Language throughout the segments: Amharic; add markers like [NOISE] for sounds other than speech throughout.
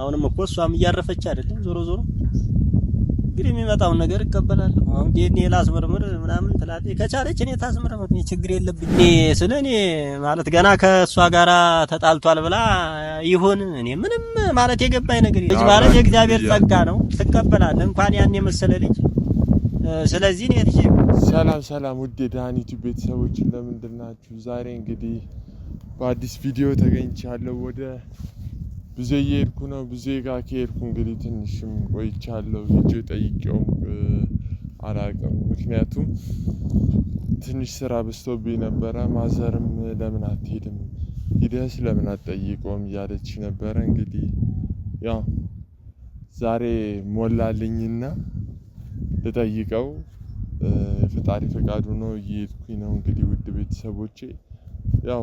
አሁንም እኮ እሷም እያረፈች አይደለም። ዞሮ ዞሮ እንግዲህ የሚመጣውን ነገር ይቀበላል። አሁን ዲኤንኤ ላስመርምር ምናምን ትላለች። ከቻለች እኔ ታስመርምር፣ እኔ ችግር የለብኝ። እኔ ስለ እኔ ማለት ገና ከእሷ ጋራ ተጣልቷል ብላ ይሁን እኔ ምንም ማለት የገባኝ ነገር ልጅ ማለት የእግዚአብሔር ጸጋ ነው፣ ትቀበላለህ። እንኳን ያን የመሰለ ልጅ ስለዚህ እኔ ልጅ ሰላም ሰላም፣ ውድ የዳኒቱ ቤተሰቦች እንደምንድናችሁ? ዛሬ እንግዲህ በአዲስ ቪዲዮ ተገኝቻለሁ ወደ ብዜ እየሄድኩ ነው። ብዜ ጋር ከሄድኩ እንግዲህ ትንሽም ቆይቻለሁ። ሄጄ ጠይቄውም አላቅም። ምክንያቱም ትንሽ ስራ በዝቶብኝ ነበረ። ማዘርም ለምን አትሄድም ሂደስ ለምን አትጠይቀውም እያለች ነበረ። እንግዲህ ያው ዛሬ ሞላልኝና ልጠይቀው የፈጣሪ ፈቃዱ ነው እየሄድኩኝ ነው። እንግዲህ ውድ ቤተሰቦቼ ያው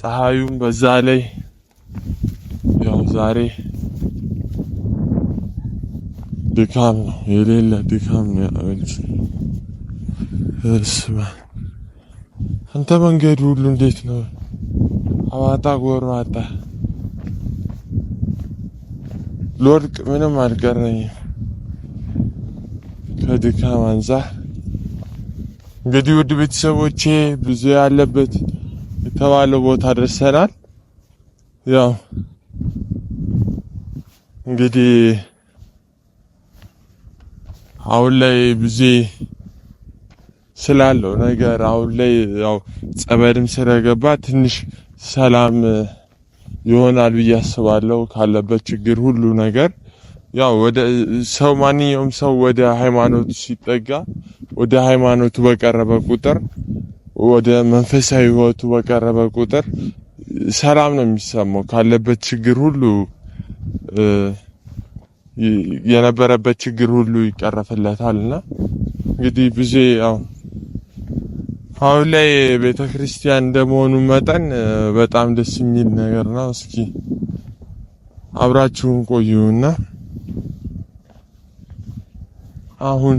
ፀሐዩም በዛ ላይ ያው ዛሬ ድካም ነው የሌለ ድካም ነው። አንተ መንገዱ ሁሉ እንዴት ነው? አባጣ ጎርማጣ ሎድቅ ምንም አልቀረኝም። ከድካም አንፃር እንግዲህ ውድ ቤተሰቦቼ ብዙ ያለበት የተባለው ቦታ ደርሰናል። ያው እንግዲህ አሁን ላይ ብዙ ስላለው ነገር አሁን ላይ ያው ጸበልም ስለገባ ትንሽ ሰላም ይሆናል ብዬ አስባለሁ። ካለበት ችግር ሁሉ ነገር ያው ወደ ሰው ማንኛውም ሰው ወደ ሃይማኖቱ ሲጠጋ ወደ ሃይማኖቱ በቀረበ ቁጥር ወደ መንፈሳዊ ህይወቱ በቀረበ ቁጥር ሰላም ነው የሚሰማው። ካለበት ችግር ሁሉ የነበረበት ችግር ሁሉ ይቀረፍለታል እና እንግዲህ ብዙ ያው አሁን ላይ ቤተ ክርስቲያን እንደመሆኑ መጠን በጣም ደስ የሚል ነገር ነው። እስኪ አብራችሁን ቆዩና አሁን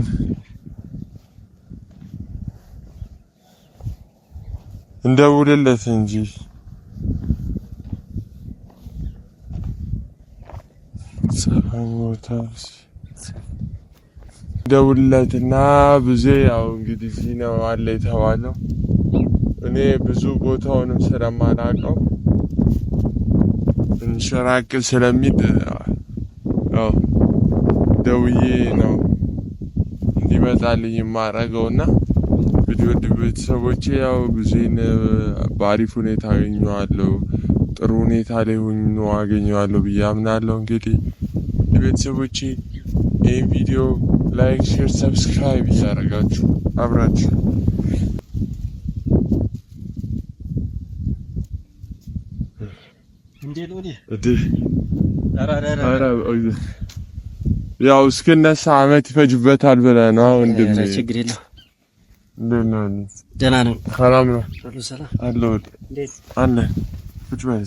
እንደውልለት እንጂ ደውልለትና ብዙ ያው እንግዲህ እዚህ ነው አለ የተባለው። እኔ ብዙ ቦታውንም ስለማላውቀው እንሸራቅል ስለሚል ደውዬ ነው እንዲመጣልኝ የማደርገውና እንግዲህ ወንድ ቤተሰቦቼ ያው ብዙን በአሪፍ ሁኔታ አገኘዋለሁ፣ ጥሩ ሁኔታ ላይ ሆኖ አገኘዋለሁ ብዬ አምናለሁ። እንግዲህ ውድ ቤተሰቦቼ ይህን ቪዲዮ ላይክ፣ ሼር፣ ሰብስክራይብ እያደረጋችሁ አብራችሁ ያው እስክነሳ አመት ይፈጅበታል ብለህ ነው ወንድሜ? ደህና ነው። ሰላም ነው። ሰላም አለው። እንዴት አለ? ቁጭ በል።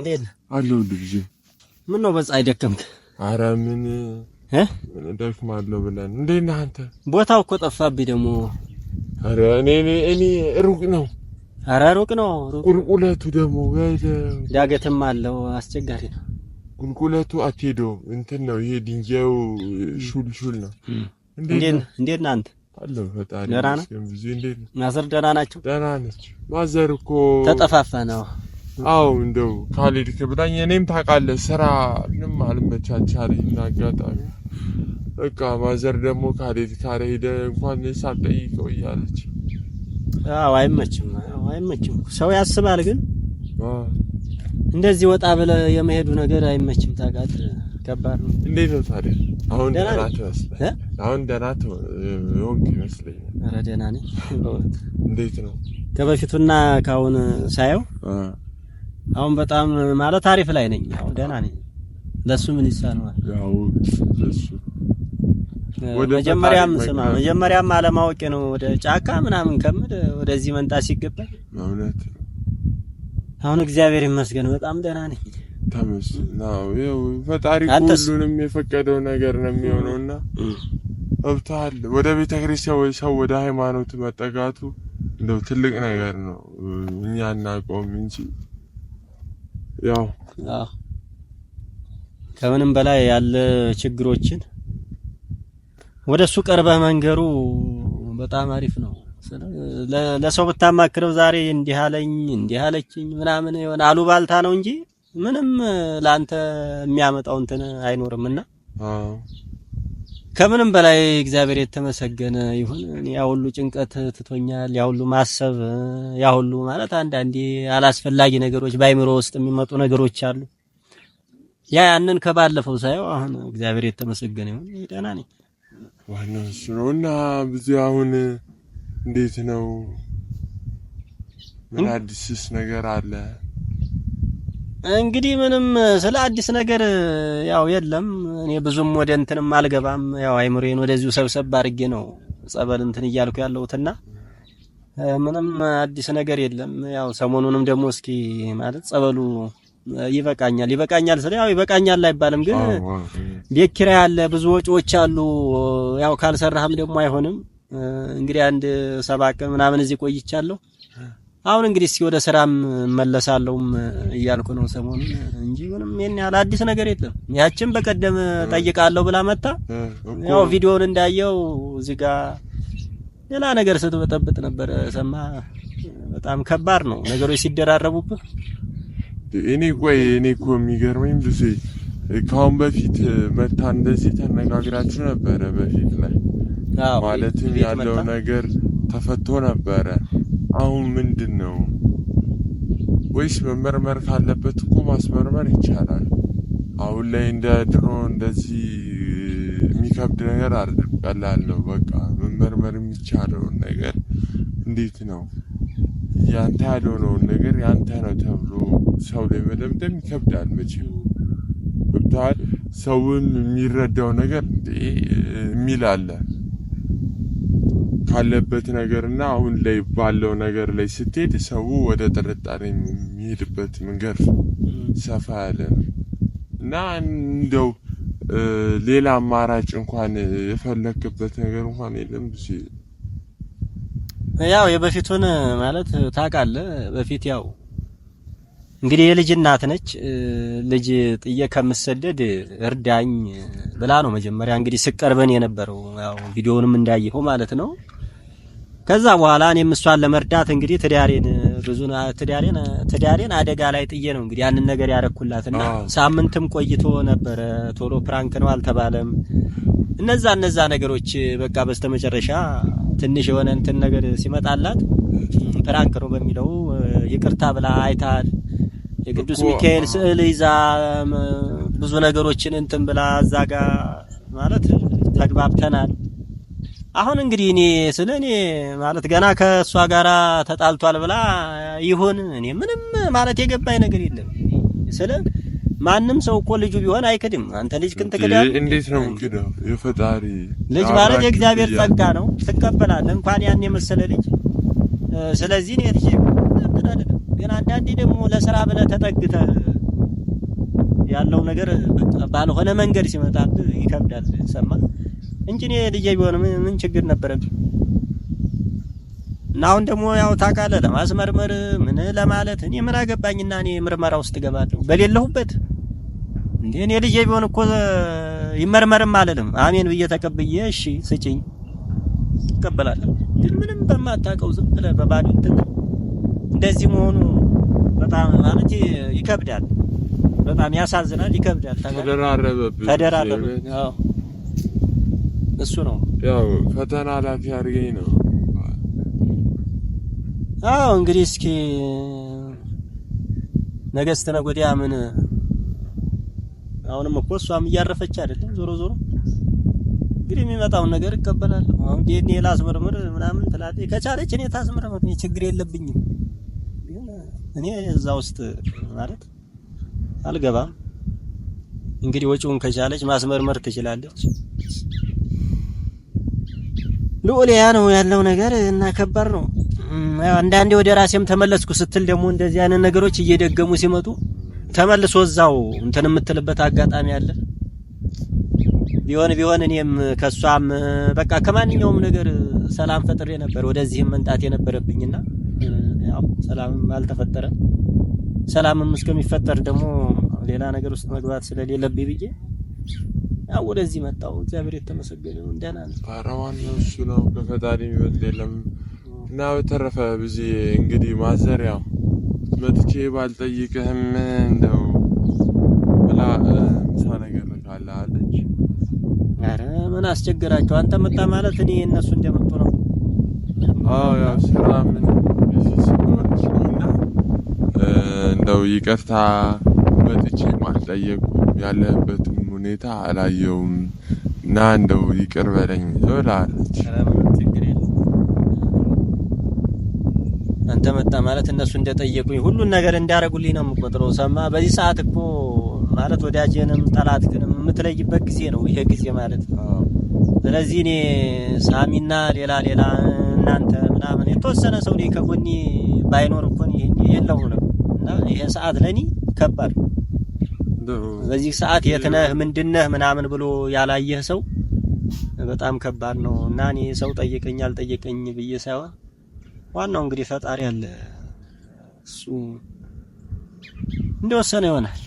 እንዴት አለው? ልጅ ምን ነው በፀሐይ ደከምክ? ኧረ ምን እ ደክማለሁ ብለን። እንዴት ነህ አንተ? ቦታው እኮ ጠፋብኝ ደግሞ። እኔ እኔ ሩቅ ነው። አረ ሩቅ ነው። ቁልቁለቱ ደግሞ ዳገትም አለው። አስቸጋሪ ነው። ቁልቁለቱ አትሄደውም። እንትን ነው ይሄ ድንጋዩ ሹል ሹል ነው። እንዴት ነህ አንተ? አለሁ ፈጣሪ ይመስገን። ብዙ እንዴት ነህ? ማዘር ደህና ናቸው? ደህና ነች ማዘር እኮ ተጠፋፋህ ነው። አዎ እንደው ካልሄድክ ብላኝ፣ እኔም ታውቃለህ ስራ ምንም አልመቻቻለኝ እና አጋጣሚ በቃ ማዘር ደግሞ ካልሄድ ሄደ እንኳን ሳትጠይቀው እያለች አዎ አይመችም፣ አይመችም ሰው ያስባል ግን እንደዚህ ወጣ ብለ የመሄዱ ነገር አይመችም። ታውቃት ከባድ ነው። እንዴት ነው ታዲያ? አሁን ደህና ትመስለኛል። አሁን ደህና ሆንክ ይመስለኛል። ኧረ ደህና ነኝ። [LAUGHS] እንዴት ነው ከበፊቱና ከአሁን ሳየው? አሁን በጣም ማለት አሪፍ ላይ ነኝ። አሁን ደህና ነኝ። ለሱ ምን ይሳነዋል? ያው ለሱ መጀመሪያም ስማ መጀመሪያም አለማወቄ ነው ወደ ጫካ ምናምን ከምድ ወደዚህ መንጣት ሲገባ እውነት አሁን እግዚአብሔር ይመስገን በጣም ደህና ነኝ። ፈጣሪ ሁሉንም የፈቀደው ነገር ነው የሚሆነውና እብታል ወደ ቤተ ክርስቲያን ወይ ሰው ወደ ሃይማኖት መጠጋቱ እንደው ትልቅ ነገር ነው። እኛ እናቆም እንጂ ያው ከምንም በላይ ያለ ችግሮችን ወደ እሱ ቀርበህ መንገሩ በጣም አሪፍ ነው። ለሰው ብታማክረው ዛሬ እንዲህ አለኝ እንዲህ አለችኝ ምናምን የሆነ አሉባልታ ነው እንጂ ምንም ለአንተ የሚያመጣው እንትን አይኖርም። ከምንም በላይ እግዚአብሔር የተመሰገነ ይሁን። ያ ሁሉ ጭንቀት ትቶኛል። ያ ሁሉ ማሰብ፣ ያ ሁሉ ማለት አንዳንዴ አላስፈላጊ ነገሮች በአይምሮ ውስጥ የሚመጡ ነገሮች አሉ። ያ ያንን ከባለፈው ሳየው አሁን እግዚአብሔር የተመሰገነ ይሁን ደህና ነኝ። ዋናው እሱ ነው እና ብዙ አሁን እንዴት ነው? ምን አዲስስ ነገር አለ? እንግዲህ ምንም ስለ አዲስ ነገር ያው የለም። እኔ ብዙም ወደ እንትንም አልገባም። ያው አይምሮዬን ወደዚሁ ሰብሰብ አድርጌ ነው ጸበል እንትን እያልኩ ያለሁትና ምንም አዲስ ነገር የለም። ያው ሰሞኑንም ደግሞ እስኪ ማለት ጸበሉ ይበቃኛል ይበቃኛል ስለ ያው ይበቃኛል አይባልም፣ ግን ቤት ኪራይ አለ፣ ብዙ ወጪዎች አሉ። ያው ካልሰራህም ደግሞ አይሆንም። እንግዲህ አንድ ሰባ ቀን ምናምን እዚህ ቆይቻለሁ። አሁን እንግዲህ እስኪ ወደ ስራም መለሳለሁም እያልኩ ነው ሰሞኑን እንጂ ምንም ይሄን ያህል አዲስ ነገር የለም። ያችን በቀደም ጠይቃለሁ ብላ መጣ። ያው ቪዲዮውን እንዳየው እዚህ ጋር ሌላ ነገር ስትበጠብጥ ነበር ሰማ። በጣም ከባድ ነው ነገሮች ሲደራረቡብህ። እኔ ቆይ እኔ እኮ የሚገርመኝ ብዙ ካሁን በፊት መታ እንደዚህ ተነጋግራችሁ ነበረ በፊት ላይ ማለትም ያለው ነገር ተፈቶ ነበረ። አሁን ምንድን ነው? ወይስ መመርመር ካለበት እኮ ማስመርመር ይቻላል። አሁን ላይ እንደ ድሮ እንደዚህ የሚከብድ ነገር አይደለም፣ ቀላል ነው። በቃ መመርመር የሚቻለውን ነገር እንዴት ነው ያንተ ያልሆነውን ነገር ያንተ ነው ተብሎ ሰው ላይ መደምደም ይከብዳል። መቼም ብታል ሰውን የሚረዳው ነገር የሚል አለ ካለበት ነገር እና አሁን ላይ ባለው ነገር ላይ ስትሄድ ሰው ወደ ጥርጣሬ የሚሄድበት መንገድ ሰፋ ያለ ነው እና እንደው ሌላ አማራጭ እንኳን የፈለክበት ነገር እንኳን የለም። ብዙ ያው የበፊቱን ማለት ታውቃለህ። በፊት ያው እንግዲህ የልጅ እናት ነች። ልጅ ጥዬ ከምሰደድ እርዳኝ ብላ ነው መጀመሪያ እንግዲህ ስቀርበን የነበረው ያው ቪዲዮውንም እንዳየኸው ማለት ነው። ከዛ በኋላ እኔም እሷን ለመርዳት እንግዲህ ትዳሬን ብዙ ትዳሬን ትዳሬን አደጋ ላይ ጥዬ ነው እንግዲህ ያንን ነገር ያረኩላትና ሳምንትም ቆይቶ ነበረ። ቶሎ ፕራንክ ነው አልተባለም። እነዛ እነዛ ነገሮች በቃ በስተመጨረሻ ትንሽ የሆነ እንትን ነገር ሲመጣላት ፕራንክ ነው በሚለው ይቅርታ ብላ አይታል የቅዱስ ሚካኤል ስዕል ይዛ ብዙ ነገሮችን እንትን ብላ እዛ ጋ ማለት ተግባብተናል። አሁን እንግዲህ እኔ ስለ እኔ ማለት ገና ከእሷ ጋር ተጣልቷል ብላ ይሁን እኔ ምንም ማለት የገባኝ ነገር የለም። ስለ ማንም ሰው እኮ ልጁ ቢሆን አይክድም። አንተ ልጅ ግን ትክዳለህ። እንዴት ነው እንግዲህ የፈጣሪ ልጅ ማለት የእግዚአብሔር ጸጋ ነው፣ ትቀበላለህ። እንኳን ያን የመሰለ ልጅ ስለዚህ ነው ልጅ ግን አንዳንዴ ደግሞ ለስራ ብለህ ተጠግተህ ያለው ነገር ባልሆነ መንገድ ሲመጣ ይከብዳል። ሰማ እንጂ እኔ ልጄ ቢሆን ምን ችግር ነበረብኝ? እና አሁን ደግሞ ያው ታውቃለህ ለማስመርመር ምን ለማለት እኔ ምን አገባኝና እኔ ምርመራ ውስጥ እገባለሁ በሌለሁበት እንዴ? እኔ ልጄ ቢሆን እኮ ይመርመርም አልልም። አሜን ብዬ ተቀብዬ እሺ ስጭኝ ይቀበላለሁ። ግን ምንም በማታውቀው ዝም ብለህ በባዶ እንደዚህ መሆኑ በጣም ማለት ይከብዳል። በጣም ያሳዝናል፣ ይከብዳል። ተደራረበብህ ተደራረበብህ። አዎ እሱ ነው ያው ፈተና ላፊ አድርገኝ ነው። አዎ እንግዲህ እስኪ ነገ ስትነገ ወዲያ ምን አሁንም እኮ እሷም እያረፈች አይደለም። ዞሮ ዞሮ እንግዲህ የሚመጣውን ነገር እቀበላለሁ። አሁን ዲኤንኤ ላስመርምር ምናምን ትላለች። ከቻለች እኔ ታስመርምር፣ እኔ ችግር የለብኝም። እኔ እዛ ውስጥ ማለት አልገባም። እንግዲህ ወጪውን ከቻለች ማስመርመር ትችላለች። ልዑል ያ ነው ያለው ነገር እና ከባድ ነው። አንዳንዴ ወደ ራሴም ተመለስኩ ስትል ደግሞ እንደዚህ አይነት ነገሮች እየደገሙ ሲመጡ ተመልሶ እዛው እንትን የምትልበት አጋጣሚ አለ። ቢሆን ቢሆን እኔም ከሷም በቃ ከማንኛውም ነገር ሰላም ፈጥሬ ነበር ወደዚህም መንጣት የነበረብኝና ያው ሰላምም አልተፈጠረም። ሰላምም እስከሚፈጠር ደግሞ ሌላ ነገር ውስጥ መግባት ስለሌለብኝ ብዬ ያው ወደዚህ መጣው። እግዚአብሔር የተመሰገነ ነው። ደህና ነው። ኧረ ዋናው እሱ ነው። ከፈጣሪ የሚበልጥ የለም። እና በተረፈ ብዙ እንግዲህ ማዘሪያው መጥቼ ባልጠይቅህም እንደው ብላ ምሳ ነገር ካለ አለች። ኧረ ምን አስቸገራቸው? አንተ መጣ ማለት እኔ እነሱ እንደመጡ ነው። አዎ ያው ስራ ምን እንደው ይቅርታ መጥቼ አልጠየቁም ያለህበትም ሁኔታ አላየውም እና እንደው ይቅር በለኝ ትላለች። አንተ መጣ ማለት እነሱ እንደጠየቁኝ ሁሉን ነገር እንዳረጉልኝ ነው የምቆጥረው። ሰማ በዚህ ሰዓት እኮ ማለት ወዳጅንም ጠላት ጠላትንም የምትለይበት ጊዜ ነው ይሄ ጊዜ ማለት። ስለዚህ እኔ ሳሚና ሌላ ሌላ እናንተ ምናምን የተወሰነ ሰው ከጎኒ ባይኖር እኮ ይሄን የለሁ ነው እና ይሄ ሰዓት ለእኔ ከባድ ነው። በዚህ ሰዓት የትነህ ምንድነህ ምናምን ብሎ ያላየህ ሰው በጣም ከባድ ነው እና እኔ ሰው ጠየቀኝ አልጠየቀኝ ብዬ ሳይሆን ዋናው እንግዲህ ፈጣሪ አለ እሱ እንደወሰነ ይሆናል።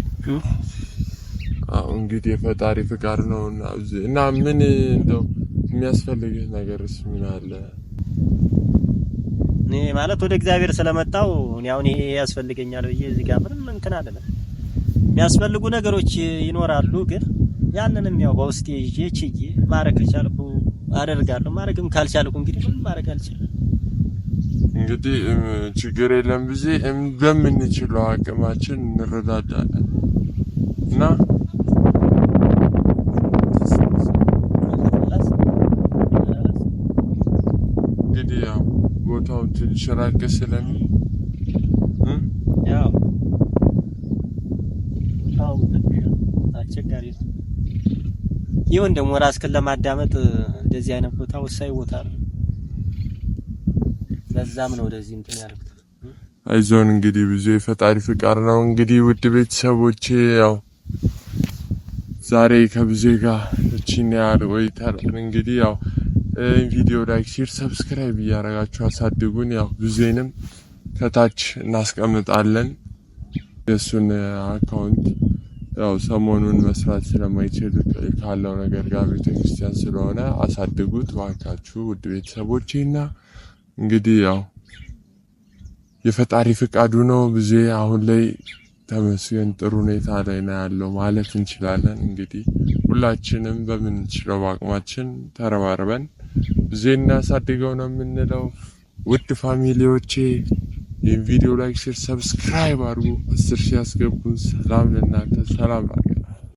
አዎ እንግዲህ የፈጣሪ ፍቃድ ነው እና ምን እንደው የሚያስፈልግህ ነገርስ ምን አለ? እኔ ማለት ወደ እግዚአብሔር ስለመጣው ያው እኔ ያስፈልገኛል ብዬ እዚህ ጋር ምንም እንትን አይደለም። የሚያስፈልጉ ነገሮች ይኖራሉ። ግን ያንንም ያው በውስጤ ይዤ ችዬ ማድረግ ከቻልኩ አደርጋለሁ። ማድረግም ካልቻልኩ እንግዲህ ምንም ማድረግ አልችልም። እንግዲህ ችግር የለም ብዬ በምንችለው አቅማችን እንረዳዳለን እና እንግዲህ ያው ቦታው ትንሽ ራቅ ስለሚል ይሁን ደግሞ ራስክን ለማዳመጥ እንደዚህ አይነት ቦታ ወሳኝ ቦታ ነው። ለዛም ነው ወደዚህ እንትን ያልኩት። አይዞን እንግዲህ ብዙ የፈጣሪ ፍቃድ ነው። እንግዲህ ውድ ቤተሰቦቼ ያው ዛሬ ከብዙ ጋር እቺን ያህል ቆይተናል። እንግዲህ ያው ቪዲዮ ላይክ፣ ሼር፣ ሰብስክራይብ እያደረጋችሁ አሳድጉን። ያው ብዙንም ከታች እናስቀምጣለን የእሱን አካውንት ያው ሰሞኑን መስራት ስለማይችል ካለው ነገር ጋር ቤተክርስቲያን ስለሆነ አሳድጉት እባካችሁ ውድ ቤተሰቦቼ። እና እንግዲህ ያው የፈጣሪ ፍቃዱ ነው። ብዙ አሁን ላይ ተመስገን ጥሩ ሁኔታ ላይ ነው ያለው ማለት እንችላለን። እንግዲህ ሁላችንም በምንችለው በአቅማችን ተረባርበን ብዙ እናሳድገው ነው የምንለው ውድ ፋሚሊዎቼ ይህም ቪዲዮ ላይክ፣ ሼር፣ ሰብስክራይብ አድርጉ። አስር ሺህ ያስገቡን። ሰላም ለእናንተ፣ ሰላም ላገር